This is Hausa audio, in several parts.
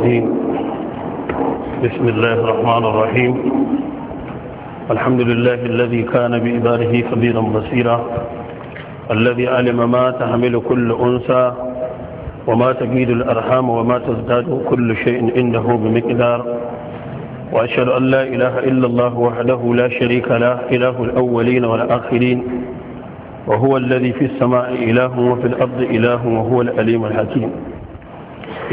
الرجيم بسم الله الرحمن الرحيم الحمد لله الذي كان بإباره خبيرا بصيرا الذي علم ما تحمل كل أنثى وما تجيد الأرحام وما تزداد كل شيء عنده بمقدار وأشهد أن لا إله إلا الله وحده لا شريك له إله الأولين والآخرين وهو الذي في السماء إله وفي الأرض إله وهو الأليم الحكيم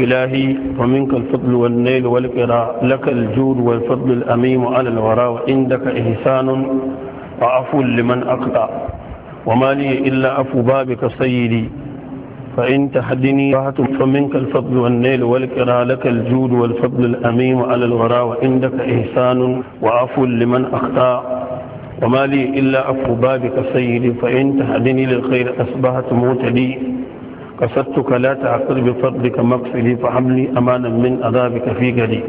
إلهي ومنك الفضل والنيل والقراء لك الجود والفضل الأميم على الوراء وعندك إحسان وعفو لمن أقطع وما لي إلا أفو بابك سيدي فإن تحدني فمنك الفضل والنيل والقراء لك الجود والفضل الأميم على الوراء وعندك إحسان وعفو لمن أقطع وما لي إلا أفو بابك سيدي فإن تحدني للخير أصبحت موتدي قصدتك لا تعقل بفضلك مقفلي فحملي أمانا من أذابك في قلي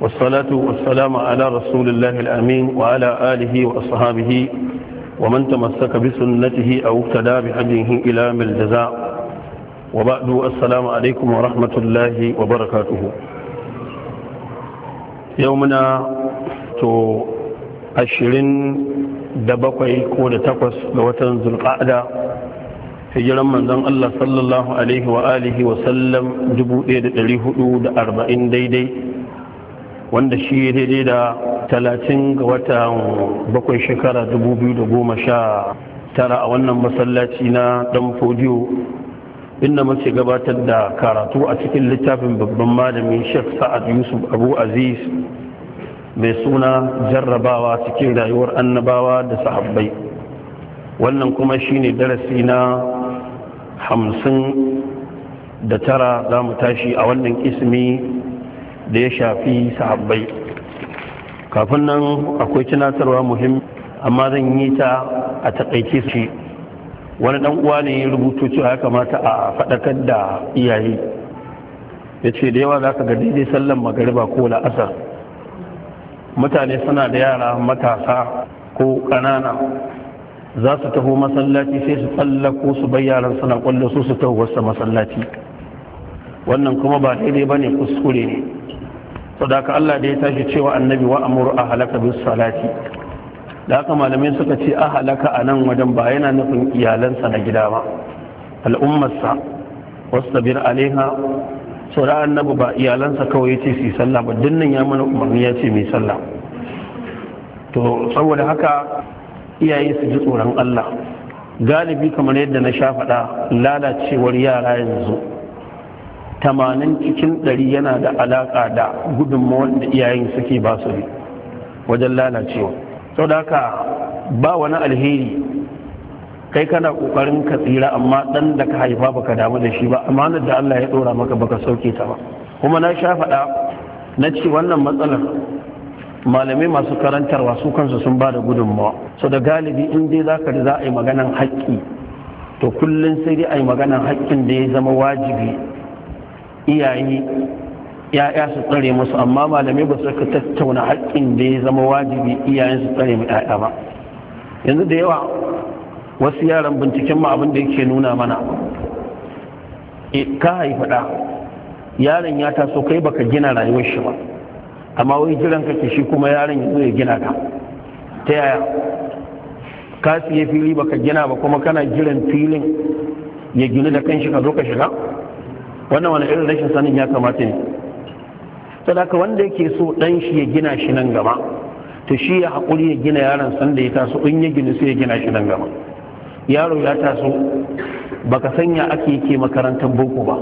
والصلاة والسلام على رسول الله الأمين وعلى آله وأصحابه ومن تمسك بسنته أو اقتدى بهديه إلى من الجزاء وبعد السلام عليكم ورحمة الله وبركاته يومنا تو عشرين دبقي كود تقص لوتن ذو القعدة hijiran manzon Allah sallallahu alaihi wa alihi wa sallam 1440 daidai wanda shi daidai da 30 ga watan bakwai shekara 2019 a wannan masallaci na dan fodiyo inda muke gabatar da karatu a cikin littafin babban malami Sheikh Sa'ad Yusuf Abu Aziz mai suna jarrabawa cikin rayuwar annabawa da sahabbai wannan kuma shine darasi na hamsin da tara za mu tashi a wannan ismi da ya shafi sahabbai kafin nan akwai tunatarwa muhim amma zan yi ta a taƙaice shi wani ɗan uwa ne rubutu cewa ya kamata a faɗakar da iyaye ya ce da yawa za ka ga daidai sallan magariba ko la'asar mutane suna da yara matasa ko ƙanana za su taho masallaci sai su tsallako su bayyaran suna kwallo su su taho wasu masallaci wannan kuma ba daidai ba ne kuskure ne sadaka Allah da ya tashi cewa annabi wa amur a halaka bis salati da haka malamai suka ce a halaka a nan wajen ba yana nufin iyalansa na gida ba al'ummarsa wasu bir alaiha sauran annabi ba iyalansa kawai ya ce su yi sallah ba dinnan ya mana umarni ya ce mai sallah to saboda haka iyaye su ji tsoron Allah galibi kamar yadda na sha faɗa lalacewar yara yanzu tamanin cikin ɗari yana da alaƙa da gudunmawar da iyayen suke ba su wajen lalacewa sau da haka ba wani alheri kai kana ƙoƙarin ka tsira amma ɗan da ka haifa ba ka damu da shi ba amanar da Allah ya ɗora maka baka sauke ta ba kuma na sha faɗa na ce wannan matsalar malamai masu karantarwa su kansu sun ba da gudunmawa so da galibi in dai za ka za a yi maganan haƙƙi to kullum sai dai a yi maganan haƙƙin da ya zama wajibi iyaye ya'ya su tsare musu amma malamai ba su ka tattauna haƙƙin da ya zama wajibi iyayen su tsare mu ya'ya ba yanzu da yawa wasu yaran binciken mu abin da yake nuna mana eh, ka haifi ɗa yaron ya taso kai baka gina rayuwar shi ba amma wai jiran kake shi kuma yaron yanzu ya gina ka ta yaya ka siye fili baka gina ba kuma kana jiran filin ya gina da kanshi ka zo ka shiga wannan wani irin rashin sanin ya kamata ne sadaka wanda yake so dan shi ya gina shi nan gaba to shi ya haƙuri ya gina yaron sanda ya taso in ya gina sai ya gina shi nan gaba yaro ya taso baka sanya ake yake makarantar boko ba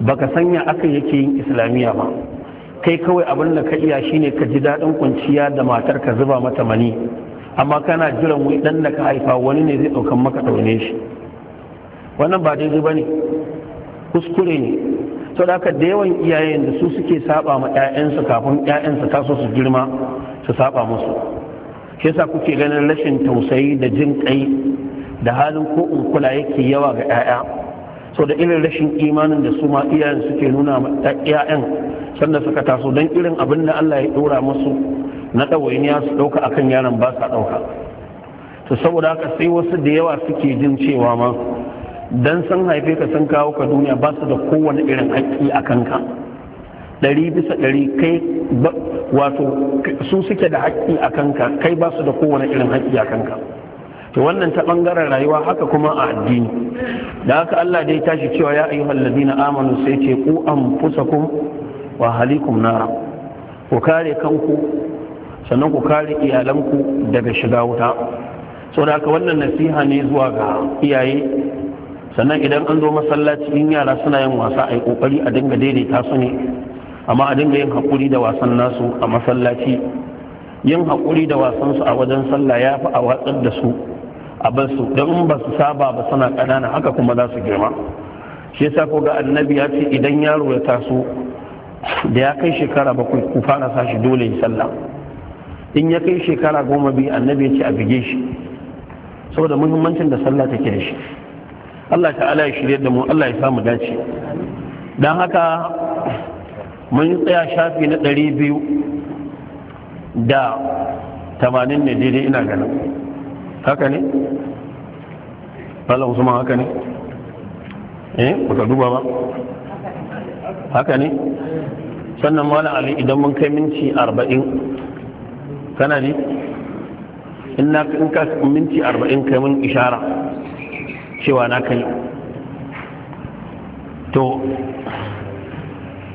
baka sanya aka yake yin islamiyya ba kai kawai abin da ka iya shine ka ji daɗin kwanciya da matar ka zuba mata mani amma kana jiran wani ɗan da ka haifa wani ne zai ɗaukan maka ɗaune shi wannan ba daidai ba ne kuskure ne sau da haka da yawan iyayen da su suke saba ma 'ya'yansu kafin 'ya'yansu taso su girma su saba musu shi yasa kuke ganin rashin tausayi da jin kai da halin ko in kula yake yawa ga 'ya'ya so da irin rashin imanin da su ma iyayen suke nuna ma iyayen sannan suka taso don irin abin da Allah ya dora musu na ɗawainiya su ɗauka akan yaron ba sa ɗauka to saboda haka sai wasu da yawa suke jin cewa ma dan san haife ka san kawo ka duniya ba su da kowane irin haƙƙi a kanka ɗari bisa ɗari kai wato su suke da haƙƙi a kanka kai ba su da kowane irin haƙƙi a kanka Da wannan ta bangaren rayuwa haka kuma a addini da haka Allah dai tashi cewa ya ayyuhal ladina amanu sai ce ku anfusakum wa halikum nara ku kare kanku sannan ku kare iyalanku daga shiga wuta saboda haka wannan nasiha ne zuwa ga iyaye sannan idan an zo masallaci in yara suna yin wasa a yi kokari a dinga daidaita su ne amma a dinga yin haƙuri da wasan nasu a masallaci yin haƙuri da wasansu a wajen sallah ya fi a watsar da su a basu don ba su saba ba suna ƙanana haka kuma za su girma shi yasa ko ga annabi ya ce idan yaro ya taso da ya kai shekara bakwai ku fara sa shi dole ya sallah in ya kai shekara goma biyu annabi ya ce a bige shi saboda muhimmancin da sallah take da shi Allah ta'ala ya shirya da mu Allah ya samu dace dan haka mun tsaya shafi na ɗari biyu da tamanin ne daidai ina ganin haka ne Allah Usman haka ne eh baka duba ba haka ne sannan malam ali idan mun kai minti 40 kana ne in na in ka minti 40 kai mun ishara cewa na kai to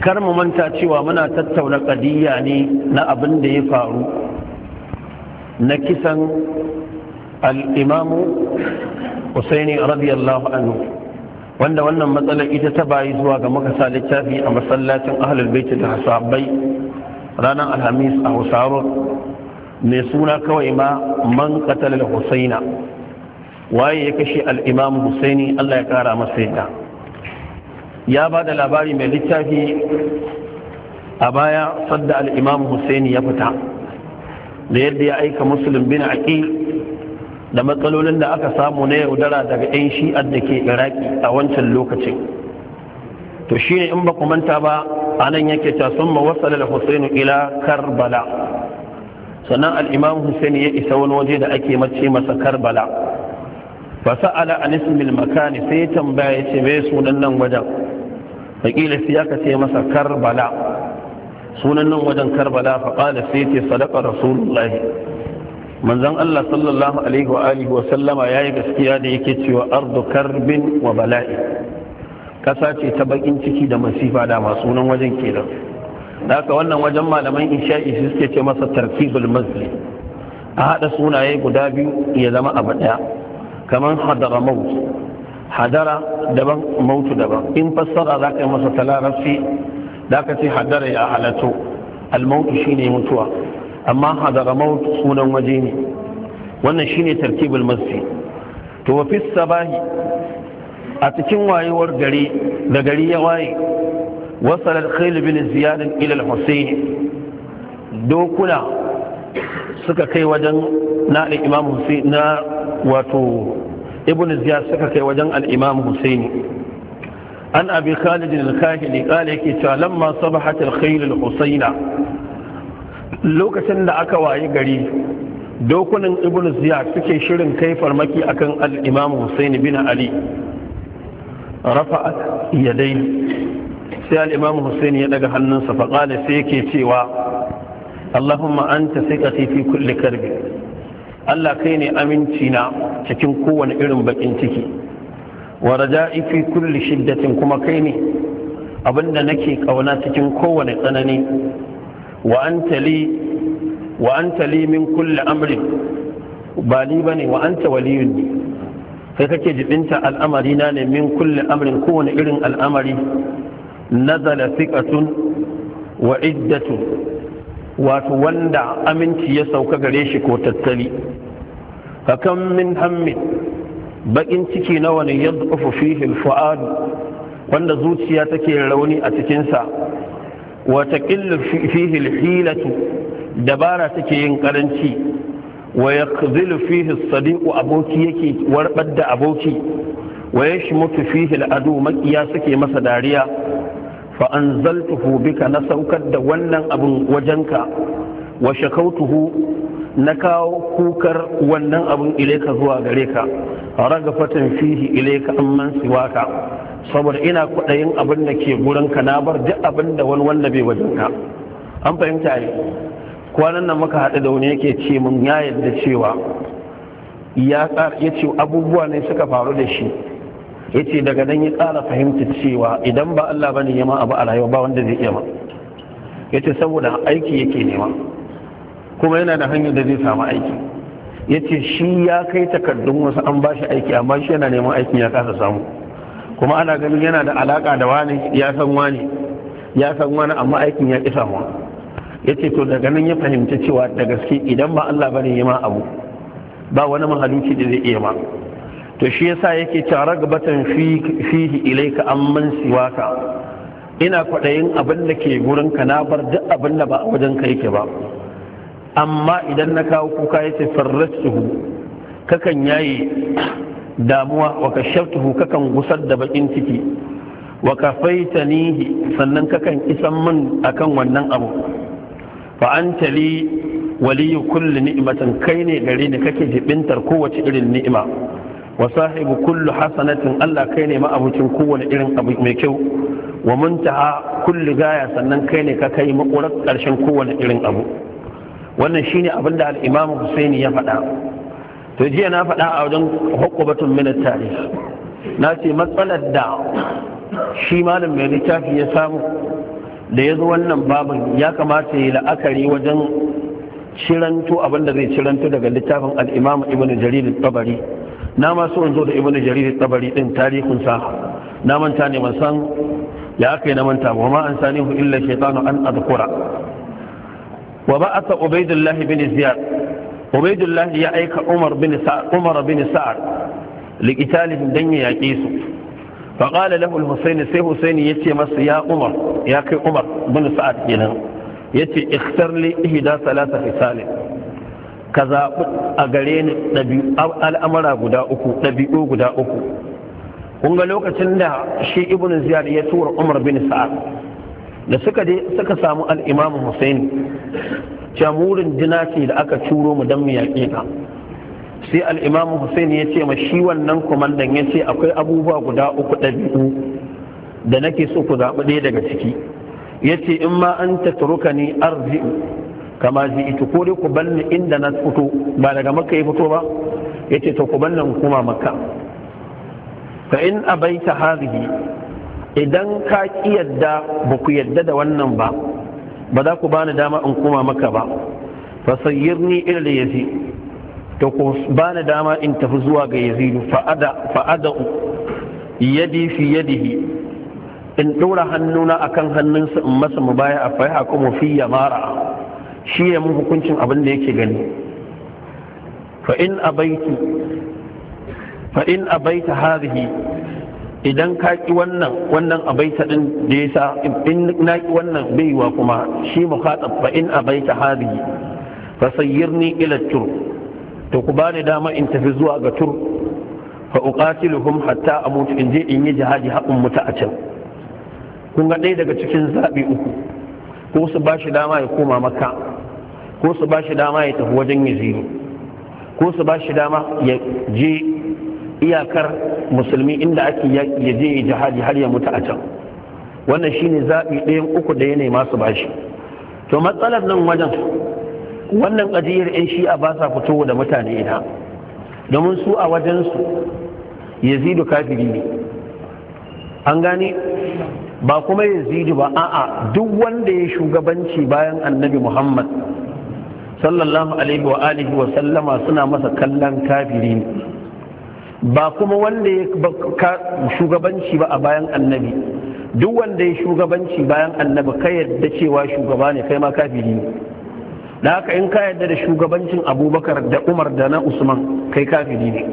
kar mu manta cewa muna tattauna kadiyya ne na abin da ya faru na kisan al'imamu husaini radiyallahu anhu wanda wannan matsalar ita ta bayi zuwa ga makasa littafi a masallacin ahalul baiti da hasabai ranar alhamis a husarun mai suna kawai ma man katalar husaina waye ya kashe al'imamu husaini allah ya kara masa yadda ya ba da labari mai littafi a baya sadda al'imamu husaini ya fita da yadda ya aika musulun bin da matsalolin da aka samu na yaudara daga 'yan shi'ar da ke iraki a wancan lokacin to shi ne in ba ku manta ba a nan yake ta sun mawasala da husainu ila karbala sannan al'imam husaini ya isa wani waje da ake mace masa karbala ba sa'ala a nisbin makani sai ya tambaya ya ce mai sunan nan wajen wakilin sai aka ce masa karbala sunan nan wajen karbala faƙalar sai ce sadaka rasulullahi manzon Allah sallallahu alaihi wa alihi wa sallama yayi gaskiya da yake cewa ardu karbin wa bala'i kasa ce ta bakin ciki da masifa da masu nan wajen kenan da haka wannan wajen malaman insha'i su suke ce masa tarkibul masjid a hada sunaye guda biyu ya zama abu daya kamar hadara maut hadara daban mautu daban in fassara za ka yi masa talarabci da ka ce hadara ya halato almautu shine mutuwa amma hadaramaut sunan waje ne wannan shine tartibul masjid to wa fis sabahi a cikin wayewar gari da gari ya waye wasal al-khayl bin ziyad ila al-husayn dokuna suka kai wajen na al-imam husayn na wato ibn ziyad suka kai wajen al-imam husayn an abi khalid al-kahili qala yake cewa lamma sabahat al-khayl al-husayna lokacin da aka wayi gari dokunan ibn ziyar suke shirin kai farmaki a kan imam husaini bin ali rafa yadai sai al-imam husaini ya daga hannunsa faƙale sai yake cewa allahumma anta siqati fi kulli karbi Allah kai ne aminci na cikin kowane irin bakin ciki wa raja'i fi kulli shiddatin kuma kai ne abinda nake kauna cikin kowane tsanani wa anta li min kulle amrin ba ni bane wa anta waliyun Sai kake jibinta al'amari na ne min kulli amrin kowane irin al'amari nazala thiqatun wa iddatun wato wanda aminci ya sauka gare shi ko tattali kakan min hammin bakin ciki nawa ne yadda fihi al wanda zuciya take rauni a cikinsa wata ƙillu fihi hilatu dabara take yin ƙaranci wa ya zilu fihi sadiku aboki yake warbar da aboki wa ya shi mutu fihi al'adu makiya suke masa dariya fa an zaltuhu bika na saukar da wannan abin wajenka wa shakautuhu na kawo kukar wannan abin ilaika zuwa gare ka ragafatan fihi ileka amman siwaka saboda ina kwaɗayin abin da ke gurinka na bar duk abin da wani wanda bai wajen ka. an fahimta ne kwanan nan muka haɗu da wani yake ce mun ya yadda cewa ya ya ce abubuwa ne suka faru da shi ya ce daga nan ya ƙara fahimta cewa idan ba Allah ba ne ya ma abu a rayuwa ba wanda zai iya ma ya ce saboda aiki yake nema kuma yana da hanyar da zai samu aiki ya ce shi ya kai takardun wasu an ba shi aiki amma shi yana neman aikin ya kasa samu kuma ana ganin yana da alaka da wani ya san wani ya san wani amma aikin ya isa mu ya ce to daga nan ya fahimci cewa da gaske idan ba Allah bane ya ma abu ba wani mahalucci da zai iya ma to shi yasa yake cewa ragabatan fihi ilaika amman siwaka ina kwaɗayin abin da ke gurin ka na bar duk abin da ba a wajen ka yake ba amma idan na kawo kuka yace ce farrasuhu kakan yayi damuwa wa kashaftuhu kakan gusar da bakin ciki wa faitanihi sannan kakan isan min akan wannan abu fa an tali waliyu kulli ni'matin kai ne gare ni kake jibintar kowace irin ni'ima wa sahibu kullu hasanatin Allah kai ne ma'abucin kowane irin abu mai kyau wa muntaha kulli gaya sannan kai ne ka kai makurar karshen kowane irin abu wannan shine abinda al-Imam Husaini ya faɗa to jiya na faɗa a wajen hukubatun minar tarih na ce matsalar da shi malam mai littafi ya samu da ya zo wannan babin ya kamata ya la'akari wajen ciranto abinda zai ciranto daga littafin al'imam ibn jarir tabari na masu so da ibn jarir tabari din tarihinsa na manta ne ban san ya aka yi na manta wa ma an sanihu illa shaitanu an azkura wa ba'atha ubaidullah bin ziyad ubaidullah ya aika umar bin umar bin sa'ad dan ya yaƙe su fa qala lahu al-husayn sai husayn yace masa ya umar ya kai umar bin sa'ad kenan yace ikhtar li ihda salasa fisalin ka zaɓi a gare ni al'amara guda uku ɗabi'u guda uku kun ga lokacin da shi ibn ziyar ya tura umar bin sa'ad da suka je suka samu al'imamu Hussein jamurin jina ce da aka curo mu don mu yaƙe ka sai al'imamu Hussein ya ce ma shi wannan kwamandan ya ce akwai abubuwa guda uku ɗabi'u da nake so ku zaɓi ɗaya daga ciki ya ce in ma an ta ni arzi'u kama ita ko dai ku ni inda na fito ba daga makka ya fito ba ya ce to ku nan kuma maka. fa in abaita hadhihi idan ka ki yadda ba ku yadda da wannan ba ba za ku bani dama in koma maka ba fa sayyirni ila yazi to ku bani dama in tafi zuwa ga yazidu fa ada fa ada yadi fi yadihi in dora hannuna akan hannunsa in masa mubaya a fa mu fi yamara shi ya mun hukuncin abin da yake gani fa in abaitu fa in abaita hadhihi idan ka ki wannan wannan abaita din da ya in na ki wannan baiwa kuma shi mukhatab fa in abaita hadi fa sayyirni ila tur to ku bani dama in tafi zuwa ga tur fa uqatiluhum hatta amut in je in yi jihadi haƙun muta a can kun ga ɗaya daga cikin zaɓi uku ko su ba shi dama ya koma maka ko su ba shi dama ya tafi wajen yaziri ko su ba shi dama ya je iyakar musulmi inda ake ya je jihadi har ya mutu a can wannan shine zaɓi ɗayan uku da ne masu bashi to matsalar nan wajen wannan ajiyar 'yan shi'a ba sa fito da mutane ina domin su a wajensu yazidu kafiri ne an gane ba kuma yazidu ba a'a duk wanda ya shugabanci bayan annabi muhammad sallallahu alaihi wa alihi wa sallama suna masa kallon kafiri ne ba kuma wanda ya shugabanci ba a bayan annabi duk wanda ya shugabanci bayan annabi ka yadda cewa shugaba ne kai ma kafiri ne da haka in ka yadda da shugabancin abubakar da umar da na usman kai kafiri ne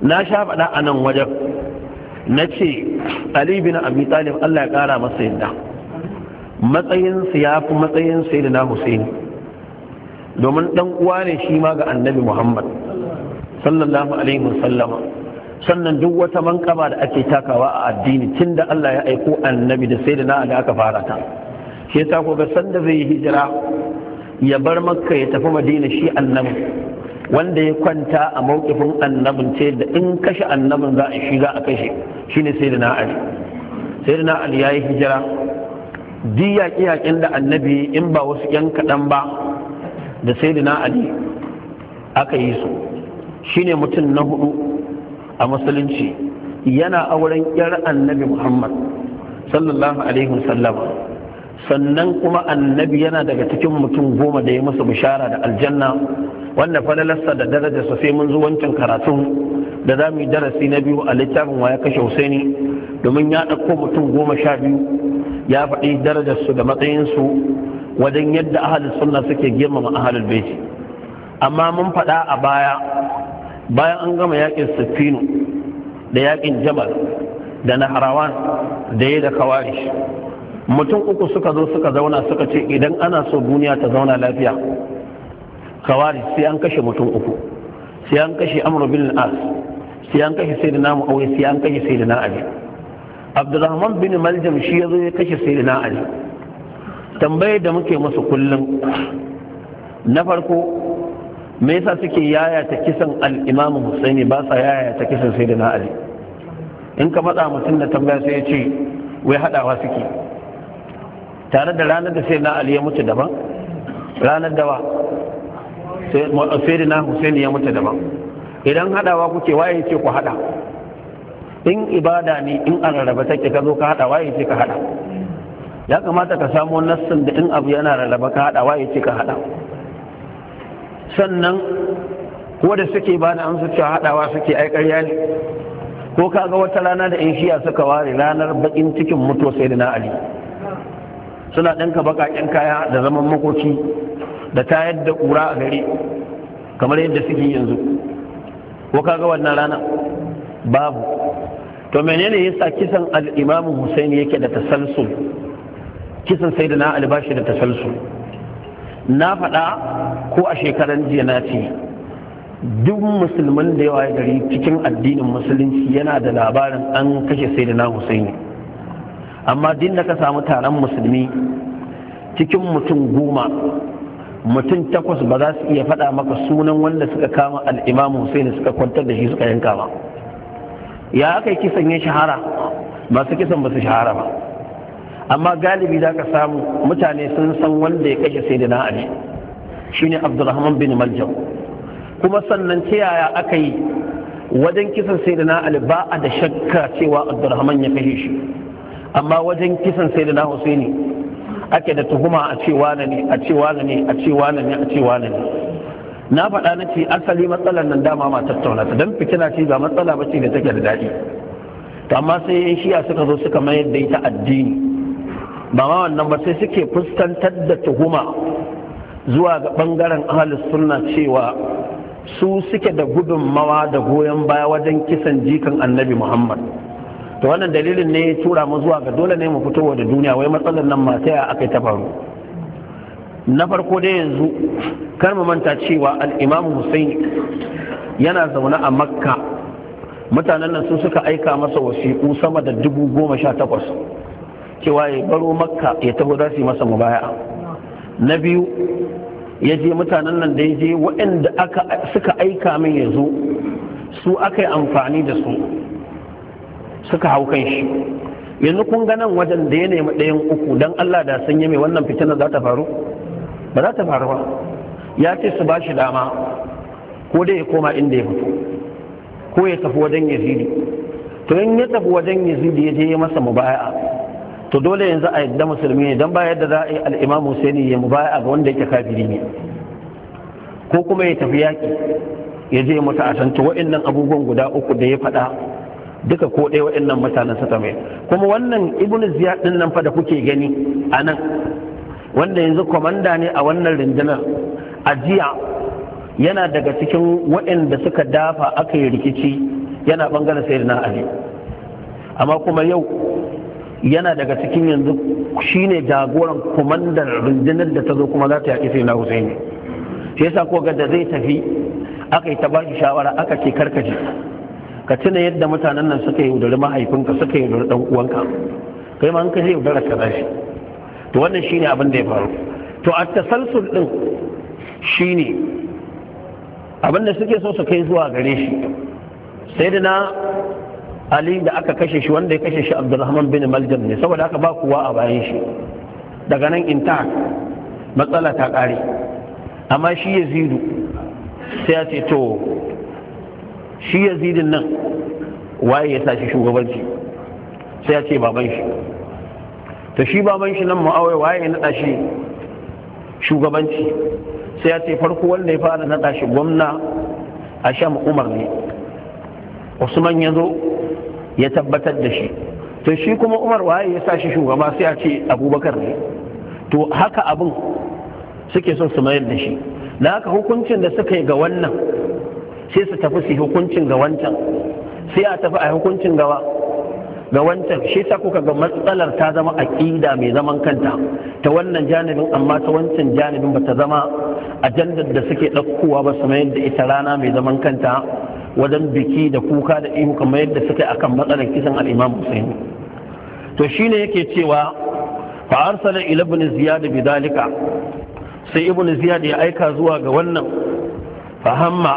na sha faɗa a nan wajen na ce ali bin abi talib allah ya ƙara masa yadda matsayinsa ya fi matsayin sai da na husaini domin ɗan uwa ne shi ma ga annabi muhammad sallallahu alaihi wasallama sannan duk wata manƙaba da ake takawa a addini tun da Allah ya aiko annabi da sai da na aka fara ta shi yasa ko ga sanda zai yi hijira ya bar makka ya tafi madina shi annabi wanda ya kwanta a mawkifin annabin ce da in kashe annabin za a shiga a kashe shine sai da na ali sai da na ali ya yi hijira duk yaƙi-yaƙin da annabi in ba wasu yan kaɗan ba da sai da na ali aka yi su shine mutum na hudu a musulunci yana auren yar annabi muhammad sallallahu alaihi wasallam sannan kuma annabi yana daga cikin mutum goma da ya masu bishara da aljanna wanda falalarsa da darajarsa sai mun zo wancan karatun da za mu yi darasi na biyu a littafin waya kashe husaini domin ya ɗauko mutum goma sha biyu ya faɗi darajarsu da matsayinsu wajen yadda ahalin sunna suke girmama ahalin baiti amma mun faɗa a baya bayan an gama yakin safinu da yakin jamal da naharawan da ya da kawarish mutum uku suka zo suka zauna suka ce idan ana so duniya ta zauna lafiya kawarish sai an kashe mutum uku sai an kashe amru bin as sai an kashe sai da namu aure sai an kashe sai da na ali abdurrahman bin maljam shi ya zo ya kashe sai da na ali tambayar da muke masu kullum na farko me yasa suke yayata kisan al'imamu imam Husaini ba sa yayata kisan da Ali in ka matsa mutum da tambaya sai ya ce wai haɗawa suke tare da ranar da sai Ali ya mutu daban ranar da dawa Sayyidina Husaini ya mutu daban idan haɗawa kuke waye ce ku haɗa? in ibada ne in an rarraba take ka zo ka haɗa waye ce ka haɗa? ya kamata ka samu nassin da in abu yana rarraba ka haɗa waye ce ka haɗa? sannan wadda suke ba da amsa cewa haɗawa suke ai ƙarya ne ko kaga wata rana da 'yan shiya suka ware ranar bakin cikin mutuwa sai da na ali suna ɗanka baƙaƙen kaya da zaman makoci da tayar da ƙura a gari kamar yadda suke yanzu ko ka ga wannan rana babu to menene yasa kisan al-imamu husaini yake da tasalsul kisan sayyidina ali bashi da tasalsul na faɗa ko a shekaran jiya na ce duk musulman da yawa gari cikin addinin musulunci yana da labarin an kashe sai da na husaini amma din da ka samu taron musulmi cikin mutum goma mutum takwas ba za su iya faɗa maka sunan wanda suka kama al'imamu husaini suka kwantar da shi suka yanka ba ya aka yi kisan ya shahara masu kisan ba su shahara ba amma galibi za ka samu mutane sun san wanda ya kashe sai da na ali shine abdulrahman bin maljam kuma sannan ta yaya aka yi wajen kisan sai da na ali ba a da shakka cewa abdulrahman ya kashe shi amma wajen kisan sai da na husaini ake da tuhuma a cewa na ne a cewa na ne a cewa na ne a cewa na ne na faɗa na ce asali matsalar nan dama ma tattauna ta don fitina ce ba matsala ba ce da take da daɗi amma sai yan shiya suka zo suka mayar da ita addini ba ma wannan ba sai suke fuskantar da tuhuma zuwa ga bangaren ahalus sunna cewa su suke da gudunmawa da goyon baya wajen kisan jikan annabi muhammad to wannan dalilin ne tura mu zuwa ga dole ne mu fitowa da duniya wai matsalar nan mata ya aka ta faru na farko dai yanzu kar mu manta cewa al hussain yana zaune a makka mutanen nan su suka aika masa wasiƙu sama da dubu goma sha takwas cewa ya baro makka ya taho za su yi masa mubaya na biyu ya je mutanen nan da ya je waɗanda suka aika min ya zo su aka yi amfani da su suka hau kan shi yanzu kun ganan wajen da ya nemi ɗayan uku don allah da yi mai wannan fitina za ta faru ba za ta faru ba ya ce su ba shi dama ko dai ya koma inda ya fito ko ya tafi wajen yazidi to in ya tafi wajen yazidi ya je ya masa mubaya'a to dole yanzu a yadda musulmi ne don ba yadda za a yi al'imamu sai ne ya mubaya ga wanda yake kafiri ne ko kuma ya tafi yaƙi ya je mutu a sanci wa'annan abubuwan guda uku da ya faɗa duka ko ɗaya wa'annan mutanen ta mai kuma wannan ibn ziyad din nan fa da kuke gani a nan wanda yanzu kwamanda ne a wannan rundunar a jiya yana daga cikin da suka dafa aka yi rikici yana bangaren sayyidina ali amma kuma yau yana daga cikin yanzu shine jagoran kumandar rundunar da ta zo kuma za ta yaƙi sai na Hussein shi yasa ko da zai tafi aka yi ta ba shawara aka ce karkace ka tuna yadda mutanen nan suka yaudari mahaifinka suka yaudari dan uwanka kai ma an ka yaudara ka shi to wannan shine abin da ya faru to a tasalsul din shine abin da suke so su kai zuwa gare shi sai da na ali da aka kashe shi wanda ya kashe shi rahman bin maljam ne saboda aka ba kuwa a bayan shi daga nan in ta matsala ta kare amma shi yazidu sai ya ce to shi yazidin nan waye ya tashi shugabanci sai ya ce baban shi to shi baban shi nan mu'awai waye ya nada shi shugabanci sai ya ce farko wanda ya fara nada shi gwamna a sham umar ne usman ya zo ya tabbatar da shi to shi kuma umar waye ya sa shi shugaba sai a ce abubakar ne to haka abin suke son su mayar da shi da haka hukuncin da suka yi ga wannan sai su tafi su hukuncin ga wancan sai a tafi a hukuncin gawa ga wancan shi sa kuka ga matsalar ta zama aƙida mai zaman kanta ta wannan janibin amma ta wancan janibin ba ta zama ajandar da suke ɗaukowa ba su mayar da ita rana mai zaman kanta wajen biki da kuka da ihu kamar yadda suka akan matsalar kisan al-Imam Hussein to shine yake cewa fa arsala ila ibn Ziyad bidalika sai ibn Ziyad ya aika zuwa ga wannan fahamma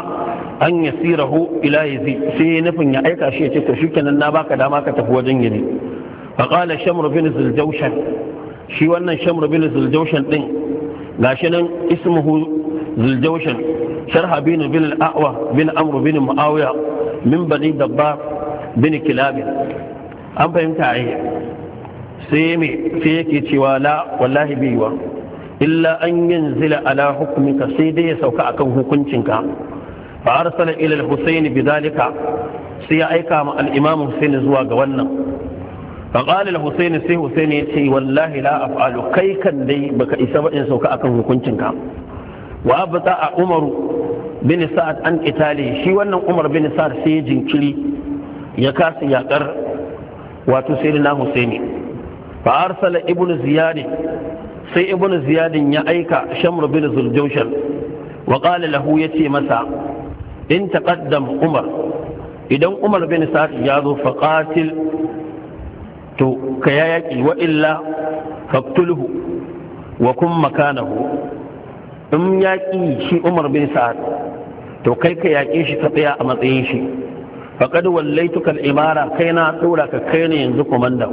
an yasirahu ila yazi sai nufin ya aika shi ya ce to shikenan na baka dama ka tafi wajen yini fa qala shamr bin zuljawshan shi wannan shamr bin zuljawshan din gashi nan ismuhu sharha bin bin al'awa bin amru bin muawiya min bani dabba bin kilabi an fahimta a sai me sai yake cewa la wallahi biyuwa illa an yanzila ala hukumika sai dai ya sauka akan hukuncinka fa arsala ila al bidalika sai ya aika ma al-imam Hussein zuwa ga wannan fa qala al sai ya ce wallahi la kai kan dai baka isa ba in sauka akan hukuncinka wa a umar bin sa'ad an qitali shi wannan umar bin sa'ad sai ya jinkiri ya kasa yakar wato sayyidina husaini fa arsala ibnu ziyad sai ibnu ziyad ya aika shamr bin zuljawshan wa qala lahu yace masa in taqaddam umar idan umar bin sa'ad ya zo fa qatil to ka yaki wa illa faktulhu wa kun makanahu in yaƙi ƙi shi umar bin sa'ad to kai ka yaƙe shi ka tsaya a matsayin shi faqad wallaituka al-imara kai na tsora ka kai ne yanzu komanda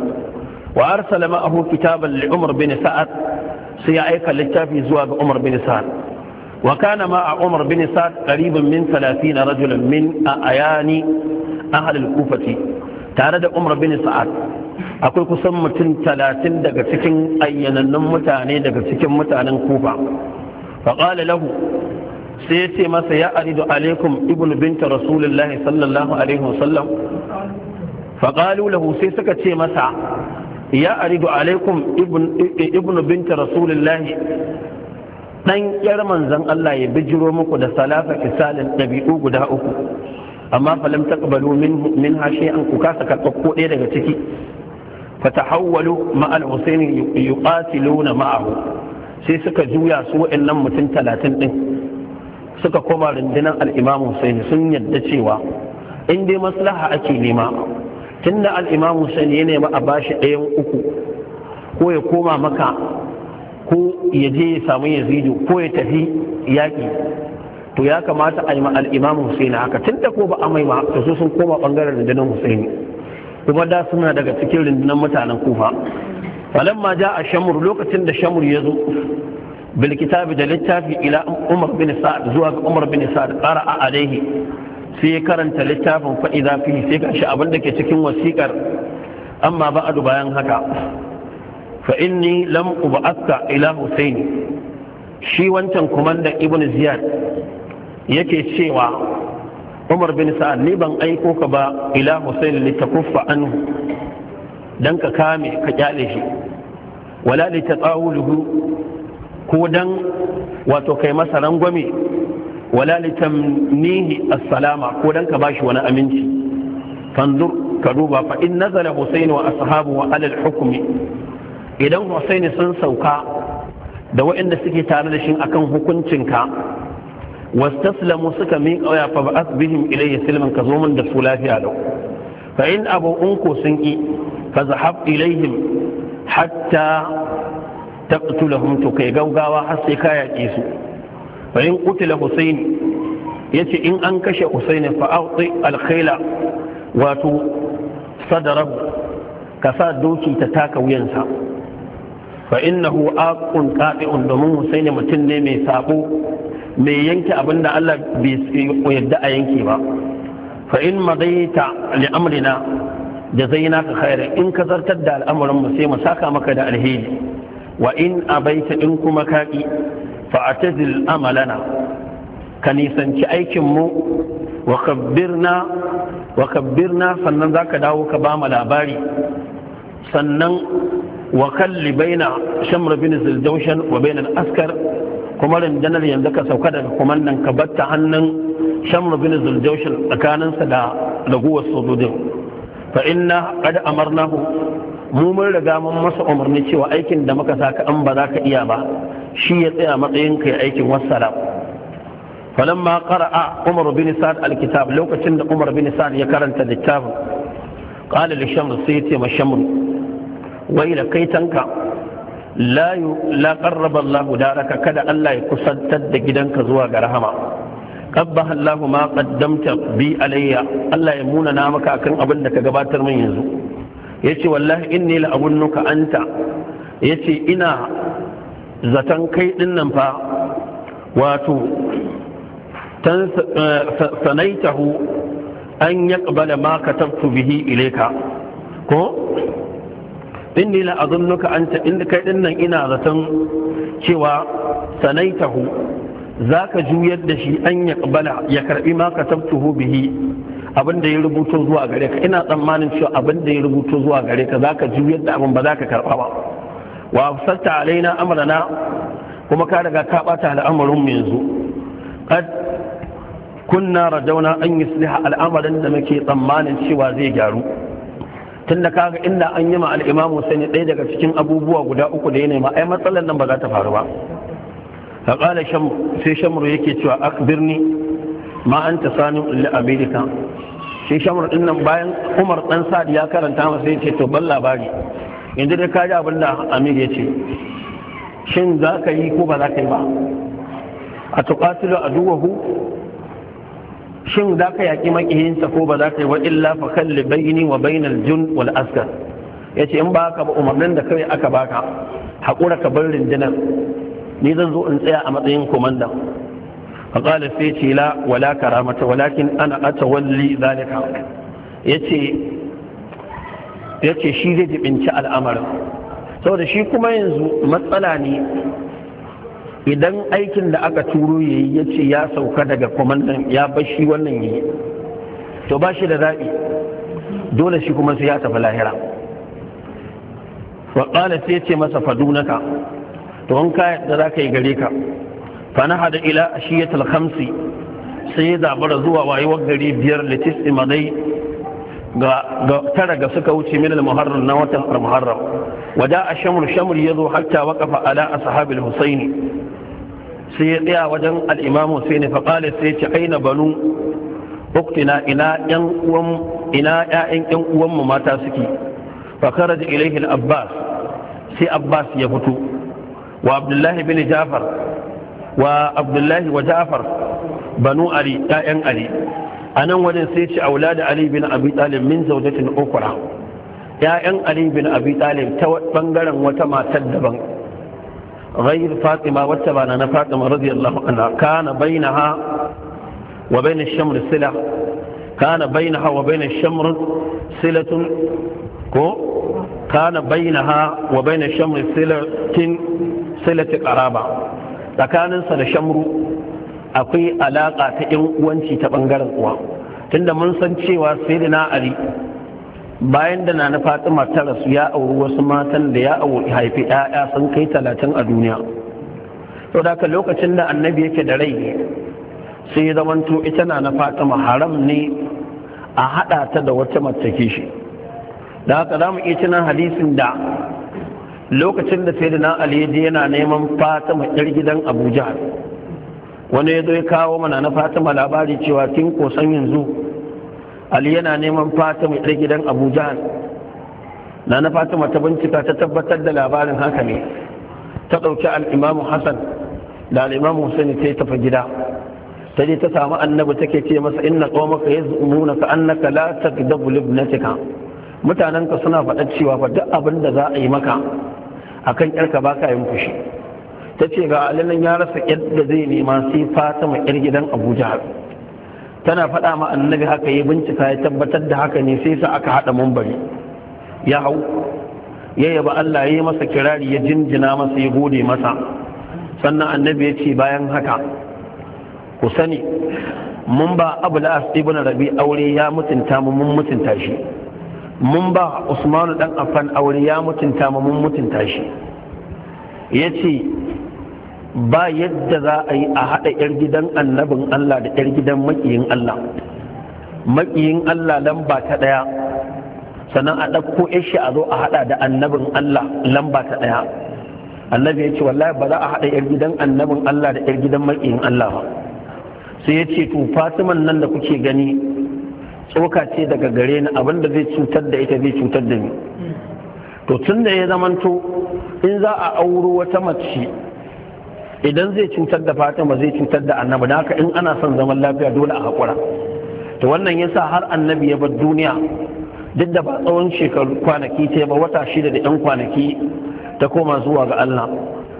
wa arsala ma'ahu kitaban li umar bin sa'ad sai ya aika littafi zuwa ga umar bin sa'ad wa kana ma umar bin sa'ad qariban min 30 rajulan min ayani ahli al-kufati tare da umar bin sa'ad akwai kusan mutum 30 daga cikin ayyanannun mutane daga cikin mutanen kufa faƙala lahu sai ce masa ya aridu alaikum ibn binta rasulullahi sallallahu alaihi wasallam faƙalu lahu sai suka ce masa ya aridu alaikum ibn binta rasulullahi dan yar manzon Allah ya bijiro muku da salafa kisalin ɗabi'u guda uku amma falam taqbalu min ha shay'an ku kasa karɓa ko ɗaya daga ciki fatahawwalu ma'al husaini yuqatiluna ma'ahu sai suka juya su waɗannan mutum talatin ɗin suka koma rundunar al'imamu sai sun yadda cewa in dai maslaha ake nema tun da al'imamu sai ya nema a bashi ɗayan uku ko ya koma maka ko ya je ya samu yazidu ko ya tafi yaƙi to ya kamata a yi ma al'imamu na haka tun da ko ba a mai ma to sun koma ɓangaren rundunar husaini kuma da suna daga cikin rundunar mutanen kufa ma ja a shamur lokacin da shamur ya zo bilkitabi da littafi ila umar bin sa'ad zuwa ga umar bin sa'ad a alaihi sai ya karanta littafin faɗi zafi sai sai gashi abin da ke cikin wasiƙar amma ba'adu bayan haka fa inni lam ub'athka ila husaini shi wancan kumandan ibn ziyad yake cewa umar bin sa'ad ni ban aiko ka ba ila husaini litakuffa anhu dan ka kame ka kyale shi wala li tatawuluhu ko dan wato kai masa rangwame wala li tamnihi ko dan ka bashi wani aminci fanzur ka duba fa in nazala husayn wa ashabu wa ala idan husayn sun sauka da waɗanda suke tare da shi akan hukuncinka واستسلموا سكا ميك او فبعث بهم اليه سلما كزوما دسوا لافيا لو فان ابو sun سنكي fazhab ilaihim hatta taqtulahum to kai gaugawa har sai ka yaƙe su fa in qutila husayn yace in an kashe Husaini fa a'ti al-khayla wato sadarab ka sa doki ta taka wuyansa fa innahu aqun qati'un domin husayn mutum ne mai saɓo, mai yanke abinda Allah bai yarda a yanki ba fa in madaita li Da jazainaka khairan in ka zartar da al'amuran mu sai mu saka maka da alheri wa in abaita in kuma kaki fa atazil amalana ka nisanci aikin mu wa kabbirna wa kabbirna sannan dawo ka ba mu labari sannan wa kalli baina shamr bin zuljaushan wa baina askar kuma rundunar yanzu ka sauka daga kumannan ka batta hannun shamr bin zuljaushan tsakaninsa da raguwar sojojin fa inna qad amarnahu mu mun riga mun masa umarni cewa aikin da muka saka an ba za ka iya ba shi ya tsaya matsayin ya aikin wassalam makara a umar bin sa'd alkitab lokacin da umar bin sa'd ya karanta littafin qala li shamr sai ce ma shamr wai da kai tanka la la qarraba Allah daraka kada Allah ya kusantar da gidanka zuwa ga rahama qabbaha Allah ma qaddamta bi alayya Allah ya muna na maka akan abin da ka gabatar min yanzu yace wallahi inni la abunnuka anta yace ina zaton kai din nan fa wato sanaitahu an yaqbala ma katabtu bihi ilayka ko inni la azunnuka anta inda kai din nan ina zaton cewa sanaitahu za ka juyar da shi an ya kabala ya karɓi ma ka tabtuhu bihi abin da ya rubuto zuwa gare ka ina tsammanin cewa abin da ya rubuto zuwa gare ka za ka juyar da abin ba za ka karɓa ba wa fasalta alaina amrana kuma ka daga ka ɓata al'amarin mu yanzu kad kunna rajauna an yusliha al'amarin da muke tsammanin cewa zai gyaru tunda kaga inda an yi ma al'imamu sani ɗaya daga cikin abubuwa guda uku da yanayi ma ai matsalar nan ba za ta faru ba faƙala sai shamru yake cewa birni ma an ta sani illa amerika shi shamru din nan bayan umar dan sa'ad ya karanta masa ya ce to ban labari yanzu da kaji abin da amir ya ce shin za ka yi ko ba za ka yi ba a tuqatilu aduwahu shin za ka yaƙi maƙiyinsa ko ba za ka yi wa illa fa kalli bayni wa jun yace in ba ba umarnin da kai aka baka haƙura ka bar rindinan ni zan zo in tsaya a matsayin komanda فقال سيتي لا ولا كرامة ولكن أنا أتولي ذلك Ya yace shi zai jibinci al'amarin saboda shi kuma yanzu matsala ne idan aikin da aka turo ya yi ya ce ya sauka daga kwamandan ya bashi wannan yi to ba shi da zaɓi dole shi kuma sai ya tafi lahira wa ƙala sai ce masa fadunaka Don kayan kayar da za ka yi gare ka fana hada ila a shiyatul hamsi sai ya zabara zuwa wayewar gari biyar litis imadai ga tara ga suka wuce minal muharram na watan muharram wada a shamur shamur ya zo hatta wakafa ala ashabil husaini sai ya tsaya wajen al'imam husaini fa sai ce aina banu uktina ina yan uwan ina uwan mu mata suke fa kharaja ilayhi al-abbas sai abbas ya fito وعبد الله بن جعفر وعبد الله وجعفر بنو علي أين علي أنا ولن سيتش أولاد علي بن أبي طالب من زوجة أخرى ‘ya'yan Ali bin Abi Talib ta bangaren wata matar daban, غير فاطمة واتبعنا أنا فاطمة رضي الله عنها كان بينها وبين الشمر سلة كان بينها وبين الشمر سلة كان بينها وبين الشمر سلة silati qaraba tsakaninsa da shamru akwai alaƙa ta yan uwanci ta bangaren uwa tunda mun san cewa sayyidina ali bayan da na fatima ta rasu ya auri wasu matan da ya auri haifi 'ya'ya sun kai talatin a duniya to da lokacin da annabi yake da rai sai zamanto ita na na fatima haram ne a haɗa ta da wata mace shi. da haka za mu iya tunan hadisin da lokacin da sai da na yana neman fatima yar gidan abuja wani ya zo ya kawo mana na fatima labari cewa kin kosan yanzu ali yana neman fatima yar gidan abuja na na fatima ta bincika ta tabbatar da labarin haka ne ta ɗauki al'imamu hassan da al'imamu hussein ta yi tafi gida ta je ta samu annabi take ce masa inna qawmaka yazmuna ka annaka la na libnatika mutanenka suna faɗa cewa fa duk abin da za a yi maka akan yarka ba ka yin fushi ta ce ga alilin ya rasa yadda zai nema sai mai yar gidan abuja tana faɗa ma annabi haka ya bincika ya tabbatar da haka ne sai sa aka haɗa mumbari ya hau ya yaba allah ya yi masa kirari ya jinjina masa ya gode masa sannan annabi ya ce bayan haka ku sani mun ba abu la'as ibn rabi aure ya mutunta mu mun mutunta shi mun ba usmanu dan afan aure ya mutunta mu mun mutunta shi ya ce ba yadda za a yi a haɗa 'yar gidan annabin allah da 'yar gidan maƙiyin allah maƙiyin allah lamba ta ɗaya sannan a ɗauko ishi a zo a haɗa da annabin allah lamba ta ɗaya annabi ya ce wallahi ba za a haɗa 'yar gidan annabin allah da 'yar gidan maƙiyin allah ba sai ya ce to fatiman nan da kuke gani tsoka ce daga gare ni abinda zai cutar da ita zai cutar da ni to tun da ya zamanto in za a auro wata mace idan zai cutar da fatima zai cutar da annabi da haka in ana son zaman lafiya dole a haƙura to wannan yasa har annabi ya bar duniya duk da ba tsawon shekaru kwanaki ta ba wata shida da yan kwanaki ta koma zuwa ga Allah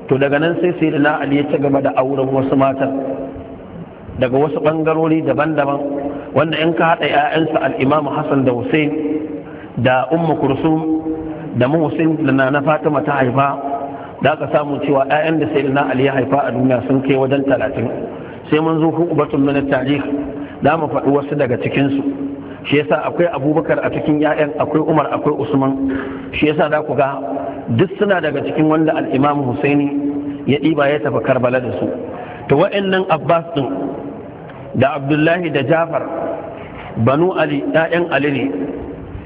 to daga nan sai sai na Ali ya ci gaba da auren wasu matan daga wasu bangarori daban-daban wanda in ka haɗa 'ya'yansa al'imamu hassan da hussein da umma kursum da mu hussein da na fatima ta haifa da aka samu cewa 'ya'yan da sayyidina ali ya haifa a duniya sun kai wajen talatin sai mun zo hukubatun min tarih da mu faɗi wasu daga cikinsu shi yasa akwai abubakar a cikin 'ya'yan akwai umar akwai usman shi yasa za ku ga duk suna daga cikin wanda al'imamu husaini ya ɗiba ya tafi karbala da su to wa'annan abbas ɗin da abdullahi da jafar banu ali ɗayan ali ne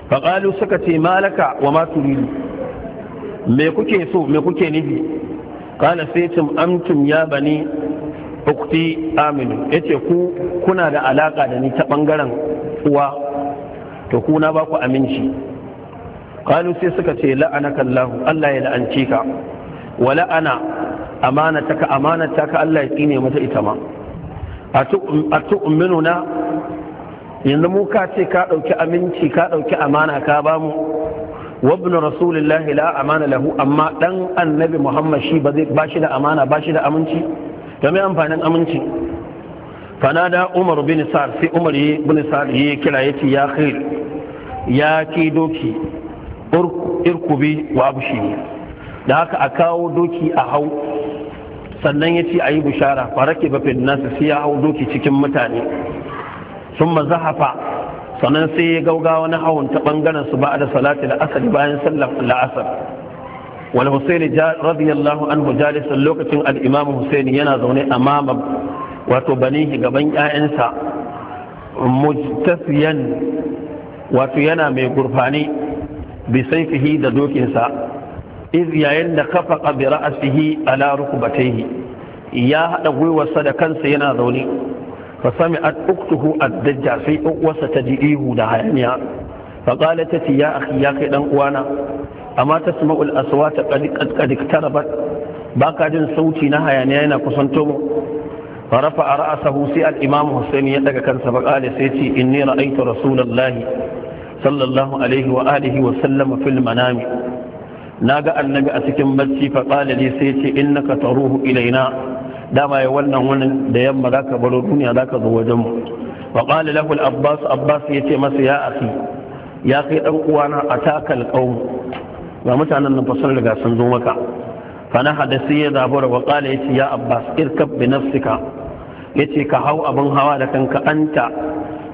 faƙalu suka ce malaka wa ma turidu me kuke so me kuke nufi ƙala sai cin amtum ya bani ukti aminu ce ku kuna da alaƙa da ni ta ɓangaren uwa to ku ba ku aminci ƙalu sai suka ce la'ana kallahu Allah ya la'anci ka wa la'ana amanata. ka Allah ya tsine mata ita ma minuna. yanzu mu ka ce ka ɗauki aminci ka ɗauki amana ka ba mu wabin rasulullah la amana lahu amma ɗan annabi muhammad shi ba shi da amana ba shi da aminci game amfanin aminci fanada umar bin sa'ad sai umar bin sa'ad ya kira yace ya khair ya ki doki irkubi wa abushi da haka a kawo doki a hau sannan yace ayi bushara farake ba fil nas sai ya hau doki cikin mutane sun mazahafa sannan sai ya gaugawa na hawan ta bangaren su ba da salati da asar bayan sallar la'asar Wani husaini radiyallahu anhu jalisan lokacin al-imam husaini yana zaune a mama wato banihi gaban ƴaƴansa mujtasiyan wato yana mai gurfani bi saifihi da dokinsa iz yayin da kafa bi ra'asihi ala rukbatayhi ya hada gwiwarsa da kansa yana zaune fa sami'at uktuhu ad-dajja sai uwarsa ta ji ihu da hayaniya fa qalat ta ya ya kai ɗan uwana amma tasma'u al-aswata qad qad iktarabat ba ka jin sauti na hayaniya yana kusanto mu fa rafa'a ra'sahu sai al-imam Hussein ya daga kansa fa qala sai ce inni ra'aytu rasulullahi sallallahu alaihi wa wa sallama fil manami naga annabi a cikin bacci fa qala li sai ce innaka taruhu ilaina dama ya wannan wani da yamma za ka baro duniya za ka zo wajen mu wa qala lahu abbas ya yace masa ya akhi ya kai dan uwana a takal qawm ga mutanen nan fasar riga sun zo maka fa na hadasi ya zabura wa qala yace ya abbas irkab bi nafsika ce ka hau abin hawa da kanka anta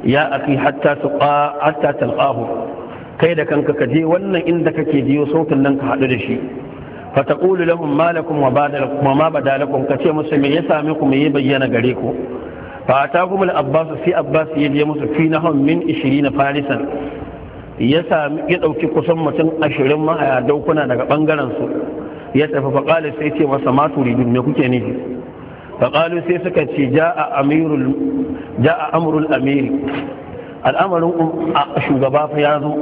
ya akhi hatta tuqa hatta kai da kanka ka je wannan inda kake jiyo sautin nan ka hadu da shi fataƙulu lahum ma lakum wa badal kuma ma badalakum kace musu me ya sami ku me ya bayyana gare ku fa ta kuma abbas sai abbas ya je musu fi nahum min 20 farisan ya ɗauki kusan mutum 20 mahaya daukuna daga bangaren su ya tafi fa qala sai ce masa ma turidun me kuke nufi fa qalu sai suka ce jaa amirul jaa amrul amir al'amarin shugaba fa ya zo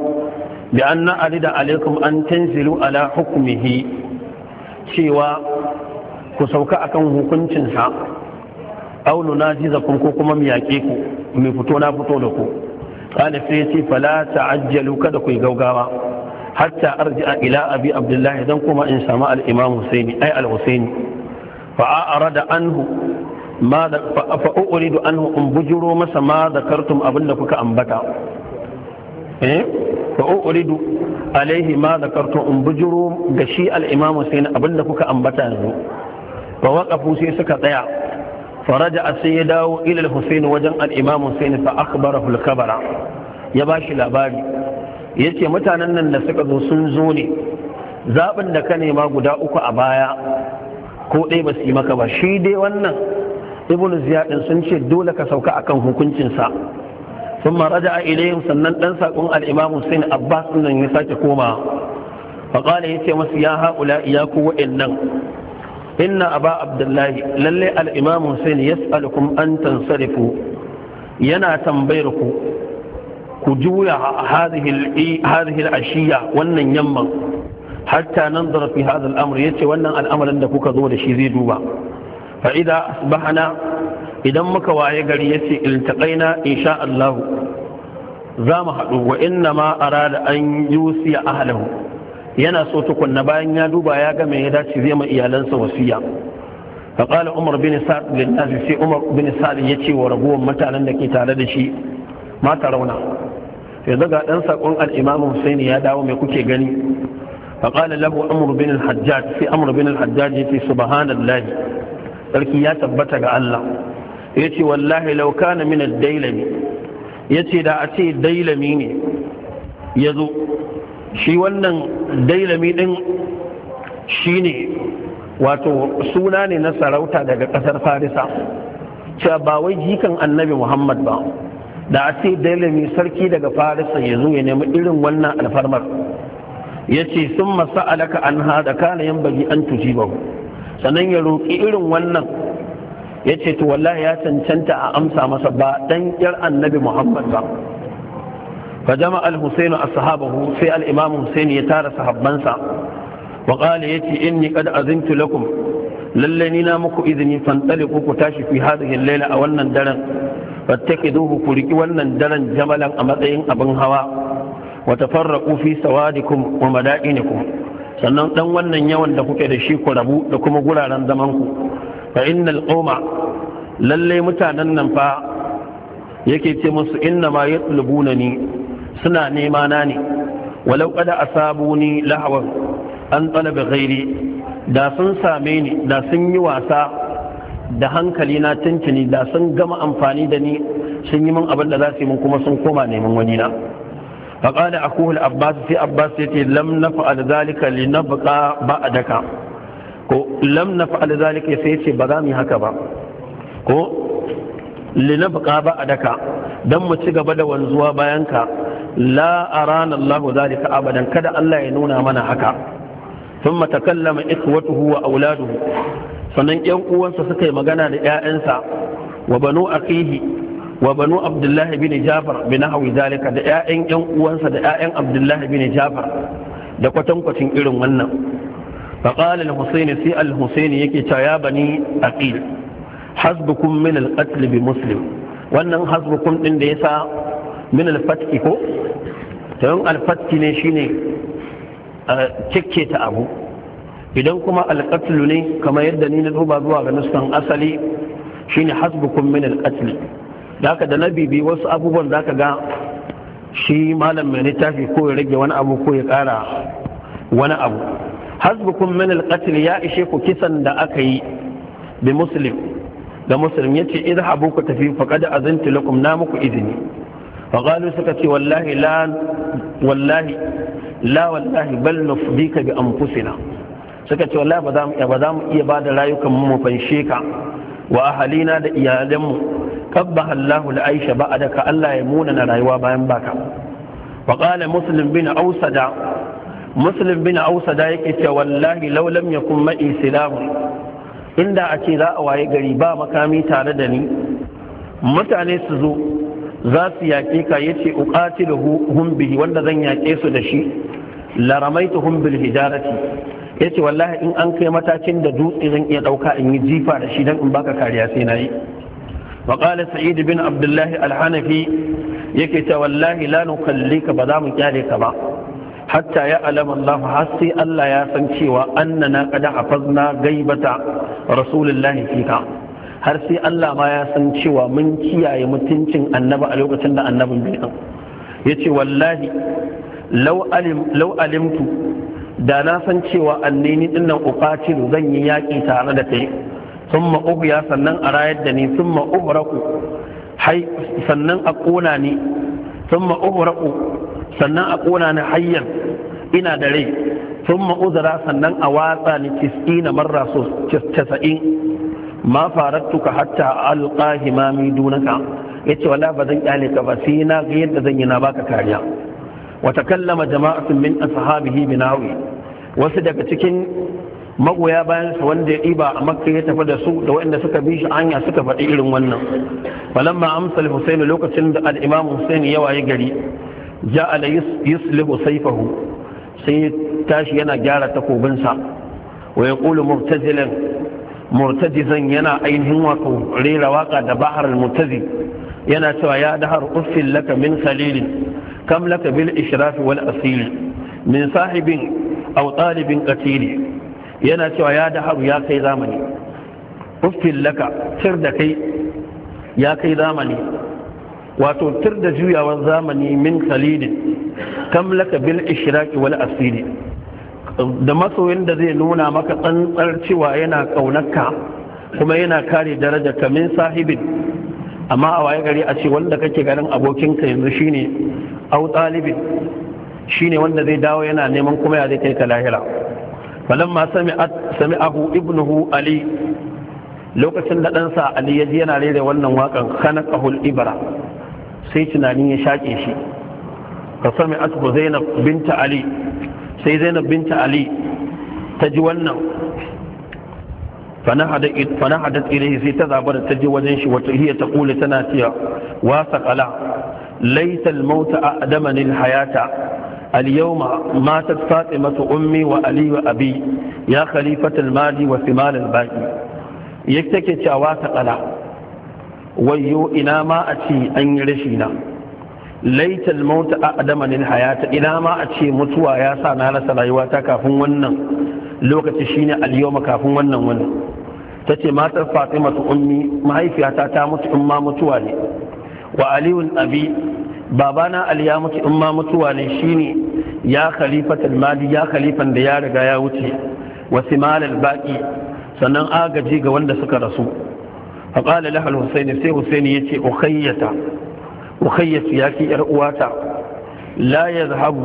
bi anna da alaikum an tanzilu ala hukmihi cewa ku sauka akan hukuncinsa aunu na ji zakun ko kuma mu yaƙe ku mai fito na fito da ku kana sai ya ce fala ta'ajjalu kada ku yi gaugawa hatta a ila abi abdullahi dan kuma in samu al husaini ai al-husaini fa arada anhu ma da fa uridu anhu in bujuro masa ma zakartum abinda kuka ambata eh fa uridu alaihi ma da karto in bujuro ga shi al-imamu abin abinda kuka ambata yanzu fa waqafu sai suka tsaya faraja sai ya dawo ilil al wajen al-imamu sai fa akhbarahu hulkabara Ya ya bashi labari yace mutanen nan da suka zo sun zo ne zaɓin da ka nema guda uku a baya ko ɗaya ba su yi maka ba shi dai wannan ibn ziyadin sun ce dole ka sauka akan hukuncinsa sun maraja a ilayin sannan ɗan saƙon al'imam hussein abbas nan ya sake koma faƙala ya ce masu ya haƙula iya ku wa'annan inna aba abdullahi lallai al'imam hussein ya tsalkum an tansarifu yana tambayar ku ku juya a shiya wannan yamman hatta nan zarafi fi hadha al'amr yace wannan al'amarin da kuka zo da shi zai duba fa idza asbahna idan muka waye gari ya ce iltaƙaina insha Allah za mu haɗu wa inna ma arada an yusiya ahlahu yana so tukunna bayan ya duba ya ga ya dace zai ma iyalansa wasiya fa qala umar bin sa'd bin nasi sai umar bin ya ce wa raguwan mutanen da ke tare da shi mata rauna sai daga dan sakon al-imam ya dawo mai kuke gani fa lahu umar bin al-hajjaj sai umar bin al-hajjaj yace subhanallahi sarki ya tabbata ga Allah ya ce wallahi lauka na minar dailami ya ce da a ce dailami ne ya zo shi wannan dailami din shi ne wato suna ne na sarauta daga ƙasar farisa cewa ba wai jikan annabi muhammad ba da a ce dailami sarki daga farisa ya zo ya nemi irin wannan alfarmar ya ce sun masa alaka an haɗa kana yan bagi an tuji ba sannan ya roƙi irin wannan ya ce to wallahi ya cancanta a amsa masa ba ɗan yar annabi muhammad ba fa jama al husainu ashabahu sai al imam husain ya tara sahabbansa wa qala yace inni qad azintu lakum lalle ni na muku izini fantaliku ku tashi fi hadhihi al-laila a wannan daren fattakiduhu ku riki wannan daren jamalan a matsayin abin hawa wa tafarraqu fi sawadikum wa mada'inikum sannan ɗan wannan yawan da kuke da shi ku rabu da kuma guraren zaman ku fa innal qauma lalle mutanen nan fa yake ce musu inna ma yatlubuna ni suna nema na ne walau qad asabuni lahwan an talaba ghairi da sun same ni da sun yi wasa da hankali na tuntuni da sun gama amfani da ni sun yi min abin da za su yi min kuma sun koma neman wani na abbas أخوه الأباس في أباس يتي لم نفعل ذلك a daka. ko lam naf'al zalika sai yace ba za mu yi haka ba ko linabqa ba daka dan mu ci gaba da wanzuwa bayan ka la arana Allahu zalika abadan kada Allah ya nuna mana haka thumma takallama ikhwatuhu wa auladuhu sannan yan uwansa suka yi magana da ƴaƴansa wa banu aqihi wa banu Abdullah bin Jafar bin hawi zalika da ƴaƴan yan uwansa da ƴaƴan abdullahi bin Jafar da kwatankwacin irin wannan فقال الحسين سي الحسين يكي يا بني أقيل حسبكم من القتل بمسلم وأن حسبكم إن ديسا من الفتك كو تيون الفتك نشيني ta abu idan kuma alƙatlu ne kamar yadda ni na duba zuwa ga nuskan asali shine hasbukun min alƙatli da haka da na bibi wasu abubuwan da ka ga shi malam mai littafi ko ya rage wani abu ko ya kara wani abu hasbukum min alqatl ya ishe ku kisan da aka yi bi muslim da muslim yace idhabu ku tafi faqad azintu lakum na muku izini fa qalu suka ce wallahi la wallahi la wallahi bal nufdika bi anfusina suka ce wallahi ba za mu iya ba da rayukan mu fanshe ka wa ahalina da iyalanmu kabba Allahu la Aisha ba daka? Allah ya muna na rayuwa bayan baka wa qala muslim bin ausada muslim bin ausa da yake ce wallahi laulam ya kun ma'i silamu inda a ce za a waye gari ba makami tare da ni mutane su zo za su yaƙe ka ya ce uƙati da wanda zan yaƙe su da shi laramaitu humbil hijarati ya ce wallahi in an kai matakin da dutse zan iya ɗauka in yi jifa da shi don in baka kariya sai na yi وقال سعيد بن عبد الله الحنفي يكي والله ba za mu kyare ka ba. hatta ya alama Allah har sai Allah ya san cewa annana qad hafazna gaibata rasulullahi fika har sai Allah ma ya san cewa mun kiyaye mutuncin annabi a lokacin da annabin bai ya ce wallahi lau alimtu da na san cewa annini dinnan uqatilu zan yi yaƙi tare da kai thumma ubya sannan a rayar da ni thumma ubraku hai sannan a ƙona ni thumma ubraku sannan a ƙona ni hayyan ina da rai sun ma'uzara sannan a watsa ni tis'ina marra so casa'in ma farattuka hatta alƙahi mami dunaka ya ce wala ba zan ƙyale ka ba sai na ga yadda zan yi na baka kariya wata kallama jama'atun min ashabihi binawi wasu daga cikin magoya sa wanda ya ɗiba a makka ya tafi da su da waɗanda suka bi shi anya suka faɗi irin wannan falamma amsal husain lokacin da al-imam husain ya wayi gari ja ala yuslihu sayfahu sai tashi yana gyara takobinsa wa yaqulu murtazilan murtajizan yana ainihin wato rera waka da bahar murtazi yana cewa ya dahar uffin laka min khalil kam laka bil israf wal asil min sahibin aw talibin qatil yana cewa ya dahar ya kai zamani uffin laka tir da kai ya kai zamani wato tur da juyawar zamani min khalidin tamlaka bil ishraqi wal asiri da masoyin da zai nuna maka tsantsar cewa yana kaunarka kuma yana kare daraja ka min sahibin amma a waye gari a ce wanda kake ganin abokinka yanzu shine au talibin shine wanda zai dawo yana neman kuma ya zai kai ka lahira falamma sami'ahu ibnuhu ali lokacin da ɗansa ali ya ji yana rere wannan wakan kana kahul ibra sai tunanin ya shaƙe shi ka sami asbu zainab binta ali sai zainab binta ali ta ji wannan fana hadat ilaihi sai ta zaba da ta ji wajen shi wata iya ta kula tana cewa wasa kala laita almauta a adamanil hayata اليوم ماتت فاطمة أمي وألي وأبي يا خليفة الماضي وثمار الباقي يكتك تعوات قلع wayyo ina ma a ce an yi rashi na laital mauta a adamanin hayata ina ma a ce mutuwa ya sa na rasa rayuwata kafin wannan lokaci shine alyawma kafin wannan wani ta ce matar fatima su ummi mahaifiyata ta mutu in ma mutuwa ne wa aliyun abi babana ali ya mutu in ma mutuwa ne shine ya khalifatul madi ya khalifan da ya riga ya wuce wasu malar baki sannan agaji ga wanda suka rasu فقال لها الحسين سي حسين يتي أخيتا أخيت ياكي إرؤواتا لا يذهب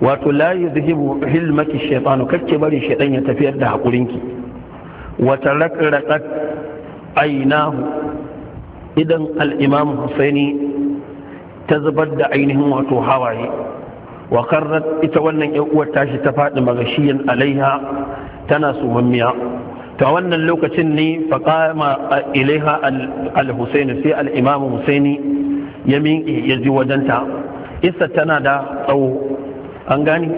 wato layu zuhibu hilmaki shaitanu kacce bari shaitan ya tafiyar da haƙurinki wata raƙaƙa ainahu idan al'imam husaini ta zubar da ainihin wato hawaye wa karrat ita wannan uwar tashi ta faɗi magashiyan alaiha tana sumammiya ta wannan lokacin ne faƙama ilaiha al-husaini sai Alimami husaini ya miƙe ya ji wajenta isa tana da tsawo an gani